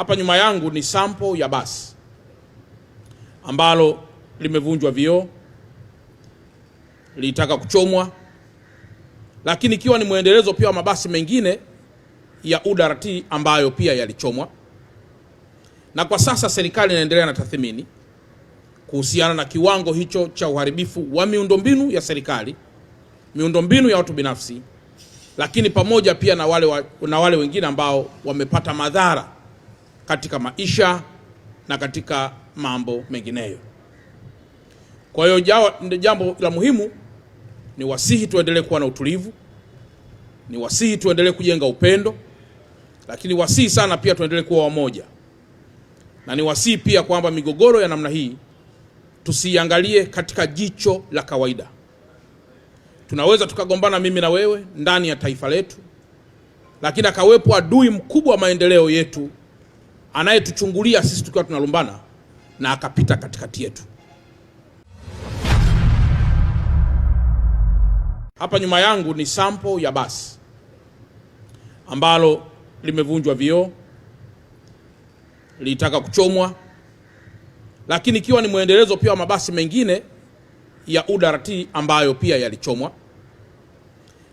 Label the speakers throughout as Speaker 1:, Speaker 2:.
Speaker 1: Hapa nyuma yangu ni sampo ya basi ambalo limevunjwa vioo, lilitaka kuchomwa, lakini ikiwa ni mwendelezo pia wa mabasi mengine ya UDART ambayo pia yalichomwa, na kwa sasa serikali inaendelea na tathmini kuhusiana na kiwango hicho cha uharibifu wa miundombinu ya serikali, miundombinu ya watu binafsi, lakini pamoja pia na wale, wa, na wale wengine ambao wamepata madhara katika maisha na katika mambo mengineyo. Kwa hiyo jambo la muhimu ni wasihi tuendelee kuwa na utulivu, ni wasihi tuendelee kujenga upendo, lakini wasihi sana pia tuendelee kuwa wamoja, na ni wasihi pia kwamba migogoro ya namna hii tusiangalie katika jicho la kawaida. Tunaweza tukagombana mimi na wewe ndani ya taifa letu, lakini akawepo adui mkubwa wa maendeleo yetu anayetuchungulia sisi tukiwa tunalumbana na akapita katikati yetu. Hapa nyuma yangu ni sampo ya basi ambalo limevunjwa vioo, lilitaka kuchomwa, lakini ikiwa ni mwendelezo pia wa mabasi mengine ya UDART ambayo pia yalichomwa,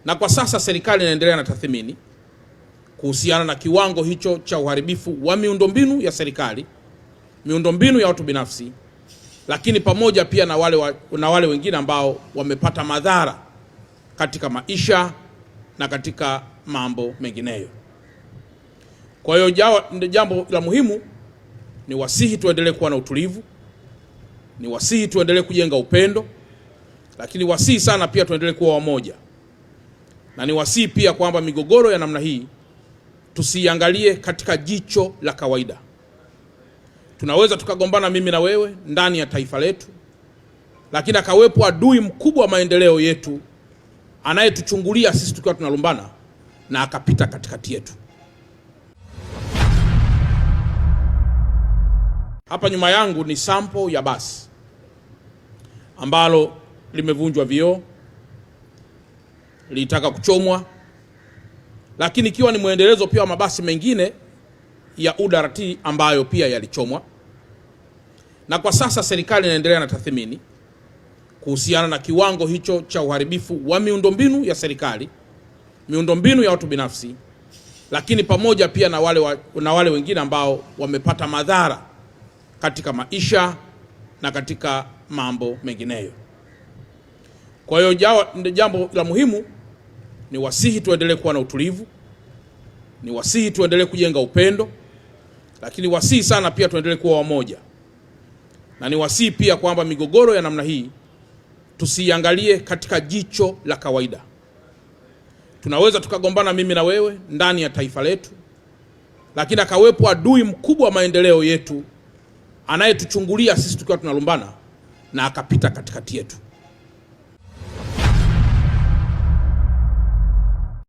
Speaker 1: na kwa sasa serikali inaendelea na tathmini kuhusiana na kiwango hicho cha uharibifu wa miundombinu ya serikali, miundombinu ya watu binafsi, lakini pamoja pia na wale, wa, na wale wengine ambao wamepata madhara katika maisha na katika mambo mengineyo. Kwa hiyo jambo la muhimu ni wasihi tuendelee kuwa na utulivu, ni wasihi tuendelee kujenga upendo, lakini wasihi sana pia tuendelee kuwa wamoja, na ni wasihi pia kwamba migogoro ya namna hii tusiangalie katika jicho la kawaida. Tunaweza tukagombana mimi na wewe ndani ya taifa letu, lakini akawepo adui mkubwa wa maendeleo yetu anayetuchungulia sisi tukiwa tunalumbana na akapita katikati yetu. Hapa nyuma yangu ni sampo ya basi ambalo limevunjwa vioo, lilitaka kuchomwa lakini ikiwa ni mwendelezo pia wa mabasi mengine ya UDART ambayo pia yalichomwa, na kwa sasa serikali inaendelea na tathmini kuhusiana na kiwango hicho cha uharibifu wa miundombinu ya serikali, miundombinu ya watu binafsi, lakini pamoja pia na wale, wa, na wale wengine ambao wamepata madhara katika maisha na katika mambo mengineyo. Kwa hiyo jambo la muhimu ni wasihi tuendelee kuwa na utulivu, ni wasihi tuendelee kujenga upendo, lakini wasihi sana pia tuendelee kuwa wamoja, na ni wasihi pia kwamba migogoro ya namna hii tusiangalie katika jicho la kawaida. Tunaweza tukagombana mimi na wewe ndani ya taifa letu, lakini akawepo adui mkubwa wa maendeleo yetu anayetuchungulia sisi tukiwa tunalumbana na akapita katikati yetu.